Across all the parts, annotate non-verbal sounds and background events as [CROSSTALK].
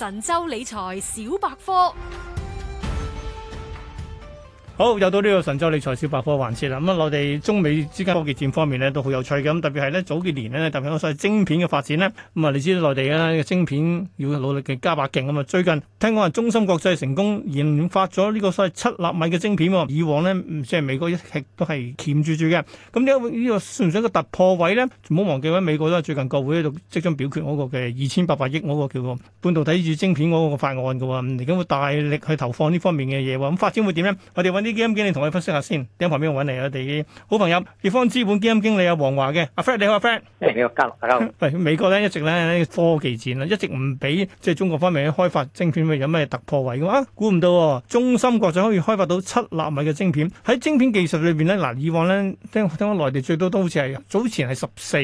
神州理財小百科。好，又到呢個神州理財小百科環節啦，咁啊內地中美之間科技戰方面咧都好有趣嘅，咁特別係咧早幾年咧，特別係我所謂晶片嘅發展咧，咁、嗯、啊你知道內地呢咧晶片要努力嘅加把勁啊嘛，最近聽講話中芯國際成功研發咗呢個所謂七納米嘅晶片喎，以往呢，即係美國一直都係鉗住住嘅，咁呢個呢個算唔算一個突破位咧？唔好忘記咗美國咧最近國會喺度即將表決嗰個嘅二千八百億嗰個叫做半導體住晶片嗰個法案嘅喎，而家會大力去投放呢方面嘅嘢喎，咁發展會點咧？我哋揾啲。基金經理同我分析下先，啲喺旁邊我揾你？啊，我哋好朋友易方資本基金經理阿王華嘅，阿 friend 你好，阿 friend，你好，嘉樂，大家好。喂，美國咧一直咧科技戰啊，一直唔俾即係中國方面去開發晶片，有咩突破位嘅嘛？估、啊、唔到中芯國際可以開發到七納米嘅晶片，喺晶片技術裏邊咧，嗱、啊、以往咧聽聽講內地最多都好似係早前係十四，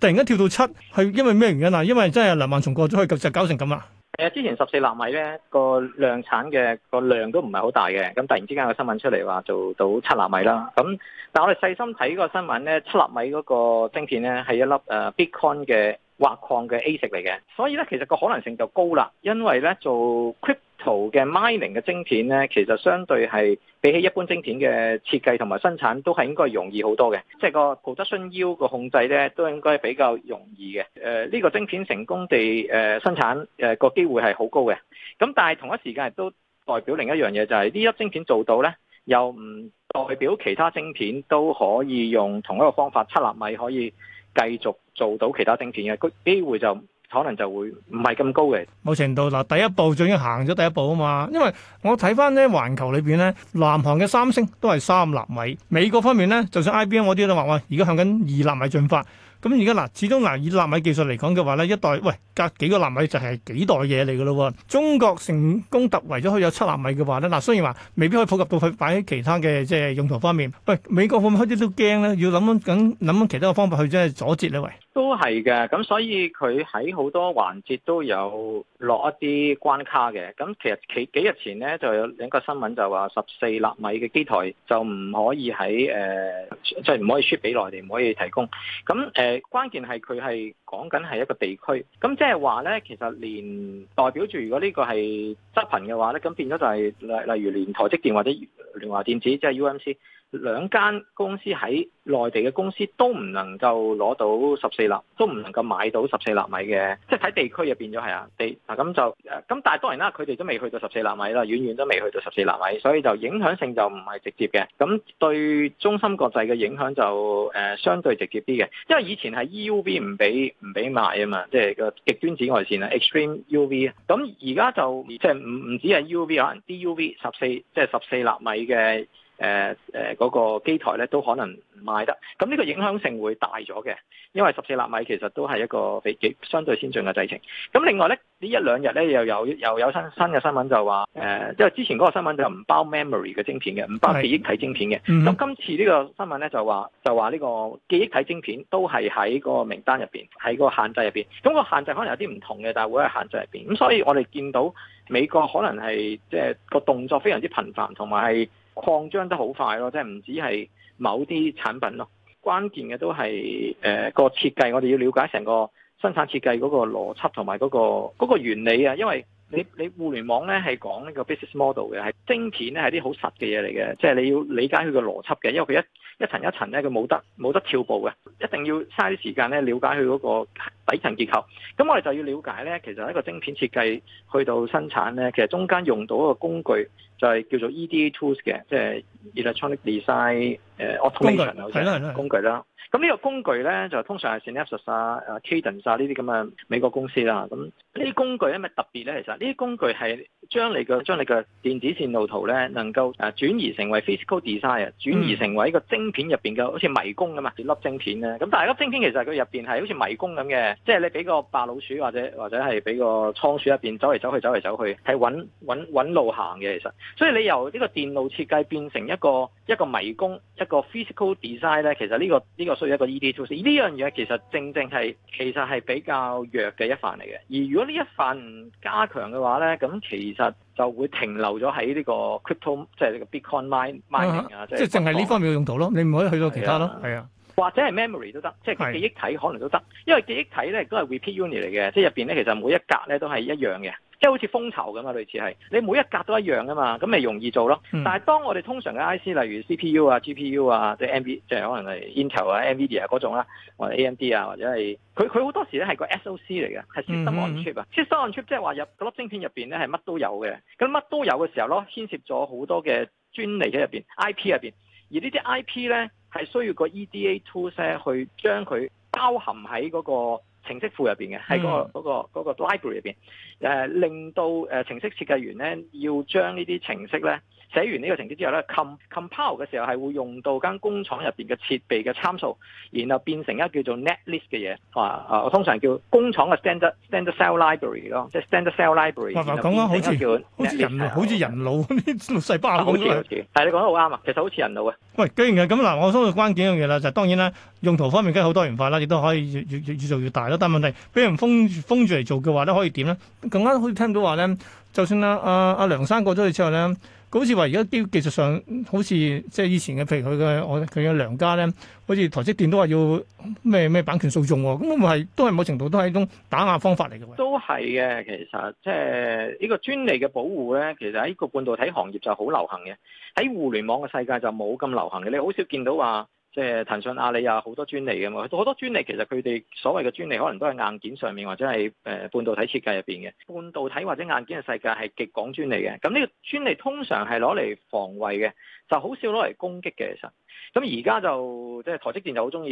突然間跳到七，係因為咩原因啊？因為真係梁孟松過咗去，就搞成咁啦。係之前十四納米咧個量產嘅個量都唔係好大嘅，咁突然之間個新聞出嚟話做到七納米啦。咁但係我哋細心睇個新聞咧，七納米嗰個晶片咧係一粒誒 Bitcoin 嘅挖礦嘅 A 值嚟嘅，所以咧其實個可能性就高啦，因為咧做圖嘅 mining 嘅晶片咧，其實相對係比起一般晶片嘅設計同埋生產都係應該容易好多嘅，即係個 production yield 個控制咧都應該比較容易嘅。誒、呃、呢、這個晶片成功地誒、呃、生產誒個機會係好高嘅。咁、嗯、但係同一時間亦都代表另一樣嘢就係呢粒晶片做到咧，又唔代表其他晶片都可以用同一個方法七納米可以繼續做到其他晶片嘅機會就。可能就會唔係咁高嘅，某程度嗱，第一步仲要行咗第一步啊嘛。因為我睇翻咧，環球裏邊咧，南韓嘅三星都係三納米，美國方面咧，就算 IBM 嗰啲都話喂，而家向緊二納米進發。咁而家嗱，始終嗱，以納米技術嚟講嘅話咧，一代喂隔幾個納米就係幾代嘢嚟㗎咯。中國成功突圍咗，可以有七納米嘅話咧，嗱，雖然話未必可以普及到佢擺喺其他嘅即係用途方面。喂，美國方面啲都驚咧，要諗緊諗緊其他嘅方法去即係阻截咧，喂。都係嘅，咁所以佢喺好多環節都有落一啲關卡嘅。咁其實佢幾日前呢，就有另一個新聞就話十四納米嘅機台就唔可以喺誒，即係唔可以輸俾內地，唔可以提供。咁誒、呃、關鍵係佢係講緊係一個地區。咁即係話呢，其實連代表住如果呢個係執行嘅話呢咁變咗就係例例如連台積電或者聯華電子，即係 UMC。兩間公司喺內地嘅公司都唔能夠攞到十四納，都唔能夠買到十四納米嘅，即係睇地區入變咗係啊地嗱咁就咁，但係當然啦，佢哋都未去到十四納米啦，遠遠都未去到十四納米，所以就影響性就唔係直接嘅。咁對中芯國際嘅影響就誒、呃、相對直接啲嘅，因為以前係、e、U V 唔俾唔俾賣啊嘛，即係個極端紫外線 Extreme UV，啊，Extreme、就是、U V 啊，咁而家就即係唔唔止係 EUV 啊，D U V 十四即係十四納米嘅。誒誒嗰個機台咧，都可能唔賣得。咁、嗯、呢、這個影響性會大咗嘅，因為十四納米其實都係一個比較相對先進嘅製程。咁、嗯、另外咧，一兩呢一兩日咧又有又有新新嘅新聞就話，誒、呃，即係之前嗰個新聞就唔包 memory 嘅晶片嘅，唔包記憶體晶片嘅。咁是今次呢個新聞咧就話就話呢個記憶體晶片都係喺個名單入邊，喺個限制入邊。咁、嗯、個限制可能有啲唔同嘅，但係會喺限制入邊。咁、嗯、所以我哋見到美國可能係即係個動作非常之頻繁，同埋係。擴張得好快咯，即係唔止係某啲產品咯，關鍵嘅都係誒個設計，我哋要了解成個生產設計嗰個邏輯同埋嗰個原理啊！因為你你互聯網呢係講呢個 business model 嘅，係晶片呢係啲好實嘅嘢嚟嘅，即係你要理解佢個邏輯嘅，因為佢一一層一層呢，佢冇得冇得跳步嘅，一定要嘥啲時間呢，了解佢嗰個底層結構。咁我哋就要了解呢，其實一個晶片設計去到生產呢，其實中間用到一個工具。就係叫做 EDA tools 嘅，即係 electronic design 誒、呃、automation 具啊，即係工具啦。咁呢個工具咧，就通常係 Synopsys 啊、Cadence 啊呢啲咁嘅美國公司啦。咁呢啲工具咧有咩特別咧？其實呢啲工具係。將你嘅將你嘅電子線路圖咧，能夠誒轉移成為 physical design，轉移成為一個晶片入邊嘅好似迷宮咁嘛，啲粒晶片咧，咁大粒晶片其實佢入邊係好似迷宮咁嘅，即係你俾個白老鼠或者或者係俾個倉鼠入邊走嚟走去，走嚟走去，係揾揾揾路行嘅其實，所以你由呢個電路設計變成一個。一個迷宮，一個 physical design 咧，其實呢、這個呢、這個需要一個 EDA tools 而呢樣嘢其實正正係其實係比較弱嘅一範嚟嘅。而如果呢一範唔加強嘅話咧，咁其實就會停留咗喺呢個 crypto，即係呢個 Bitcoin mining 啊哈，即係即係淨係呢方面嘅用途咯。你唔可以去到其他咯，係啊。或者係 memory 都得，即係記憶體可能都得，因為記憶體咧都係 repeat unit 嚟嘅，即係入邊咧其實每一格咧都係一樣嘅，即係好似蜂巢咁啊，類似係你每一格都一樣㗎嘛，咁咪容易做咯。但係當我哋通常嘅 IC，例如 CPU 啊、GPU 啊、即係 NV 即係可能係 Intel 啊、NVIDIA 嗰種啦，或者 AMD 啊，或者係佢佢好多時咧係個 SOC 嚟嘅，係 system on chip 啊，system on chip 即係話入嗰粒晶片入邊咧係乜都有嘅，咁乜都有嘅時候咯，牽涉咗好多嘅專利喺入邊、IP 入邊，而呢啲 IP 咧。係需要個 EDA tools 去將佢包含喺嗰個程式庫入邊嘅，喺嗰、嗰個嗰、嗰個嗰、嗰個 library 入邊誒、呃。令到誒、呃、程式設計員咧要將呢啲程式咧。寫、哦、完呢個程式之後咧，comp compile 嘅時候係會用到間工廠入邊嘅設備嘅參數，然後變成一個叫做 netlist 嘅嘢，係啊，我通常叫工廠嘅 standard standard cell library 咯，即係 standard cell library。麻煩、uh，好似、嗯、好似人，好似人腦啲細胞咁樣。但係你講得好啱啊！其實好似人腦啊。喂，既然係咁嗱，我諗到關鍵一樣嘢啦，就係當然啦，用途方面梗係好多元化啦，亦都可以越越越做越大咯。Done，但係問題俾人封封住嚟做嘅話咧，可以點咧？更加好似聽到話咧，就算啦，阿、呃、阿、啊、梁生過咗去之後咧。啊好似話而家啲技術上，好似即係以前嘅，譬如佢嘅我佢嘅梁家咧，好似台積電都話要咩咩版權訴訟喎，咁都係，都係某程度都係一種打壓方法嚟嘅。都係嘅，其實即係呢個專利嘅保護咧，其實喺個半導體行業就好流行嘅，喺互聯網嘅世界就冇咁流行嘅，你好少見到話。即係騰訊、阿里啊，好多專利㗎嘛，好多專利其實佢哋所謂嘅專利可能都係硬件上面或者係誒半導體設計入邊嘅。半導體或者硬件嘅世界係極講專利嘅。咁呢個專利通常係攞嚟防衞嘅，就好少攞嚟攻擊嘅。其實，咁而家就即係台積電就好中意，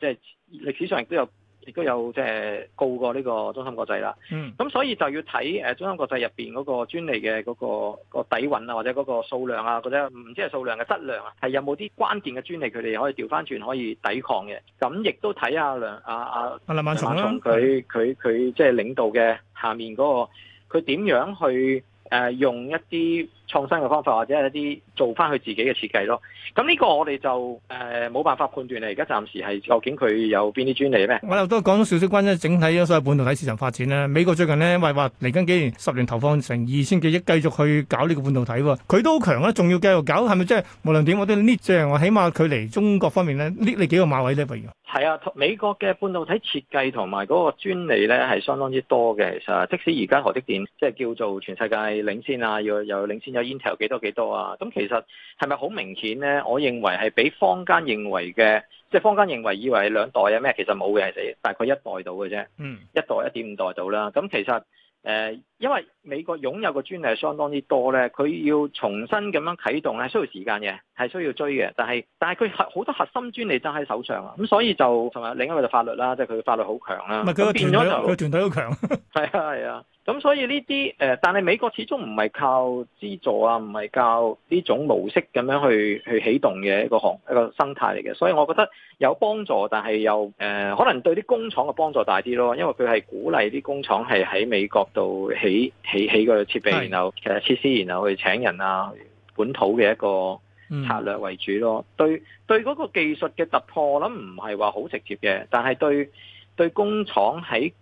即係歷史上亦都有。亦都有即係高過呢個中芯國際啦，咁、嗯、所以就要睇誒中芯國際入邊嗰個專利嘅嗰、那個那個底蘊啊，或者嗰個數量啊，或者唔知係數量嘅質量啊，係有冇啲關鍵嘅專利佢哋可以調返轉可以抵抗嘅？咁亦都睇阿梁阿阿阿梁孟松佢佢佢即係領導嘅下面嗰、那個，佢點樣去誒、呃、用一啲創新嘅方法或者係一啲做翻佢自己嘅設計咯。咁、嗯、呢、這個我哋就誒冇、呃、辦法判斷啦。而家暫時係究竟佢有邊啲專利咧？我又都講少少關於整體所有半導體市場發展啦。美國最近咧，咪話嚟緊幾年十年投放成二千幾億，繼續去搞呢個半導體喎、哦。佢都好強啊，仲要繼續搞，係咪即係無論點我都 lead 住我？起碼距離中國方面咧 lead 你幾個馬位咧？不如係啊，美國嘅半導體設計同埋嗰個專利咧係相當之多嘅。其實即使而家台積電即係叫做全世界領先啊，又有領先、啊 Intel 幾多幾多啊？咁其實係咪好明顯咧？我認為係比坊間認為嘅，即係坊間認為以為兩代啊咩，其實冇嘅係死，大概一代到嘅啫。嗯，一代一點五代到啦。咁其實誒、呃，因為美國擁有嘅專利係相當之多咧，佢要重新咁樣啟動咧，需要時間嘅，係需要追嘅。但係但係佢係好多核心專利揸喺手上啊，咁所以就同埋另一個就法律啦，即係佢嘅法律好強啦。唔係佢變咗，個團體好強。係啊係啊。 [LAUGHS] 咁、嗯、所以呢啲誒，但係美國始終唔係靠資助啊，唔係靠呢種模式咁樣去去啟動嘅一個行一個生態嚟嘅，所以我覺得有幫助，但係又誒可能對啲工廠嘅幫助大啲咯，因為佢係鼓勵啲工廠係喺美國度起起起，起個設備，然後其實設施，然後去請人啊，本土嘅一個策略，為主咯。對對嗰個技術嘅突破，我諗唔係話好直接嘅，但係對對工廠喺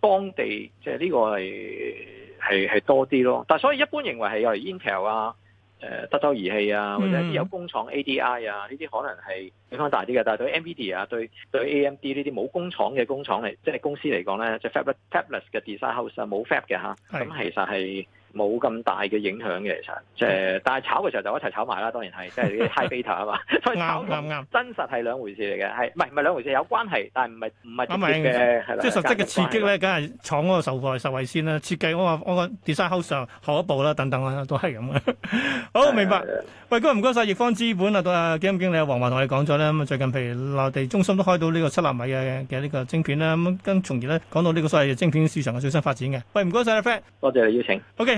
當地即係呢個係係係多啲咯，但係所以一般認為係例如 Intel 啊、誒、呃、德州儀器啊，或者啲有工廠 ADI 啊，呢啲可能係影響大啲嘅。但係對 NVD 啊、對對 AMD 呢啲冇工廠嘅工廠嚟，即係公司嚟講咧，就係、Fabless 嘅 Design House 啊，冇 Fab 嘅嚇，咁其實係。冇咁大嘅影響嘅，其實誒，但係炒嘅時候就一齊炒埋啦，當然係， [LAUGHS] 即係啲 high beta 啊嘛，所以啱啱，真實係兩回事嚟嘅，係唔係唔係兩回事？有關係，但係唔係唔係直接嘅， [MUSIC] 吧即係實質嘅刺激咧，梗係吧 [MUSIC] 廠嗰個受惠受惠先啦，設計我話我話 design house 後一步啦，等等啦，都係咁嘅。 [LAUGHS] 好，明白。喂，今日唔該晒，易方資本啊，董啊基金經理啊，王華同你講咗咧。咁啊，最近譬如內地中芯都開到呢個七納米嘅嘅呢個晶片啦，咁跟從而咧講到呢個所謂晶片市場嘅最新發展嘅。喂，唔該晒，阿 Fred 多謝你邀請。O K。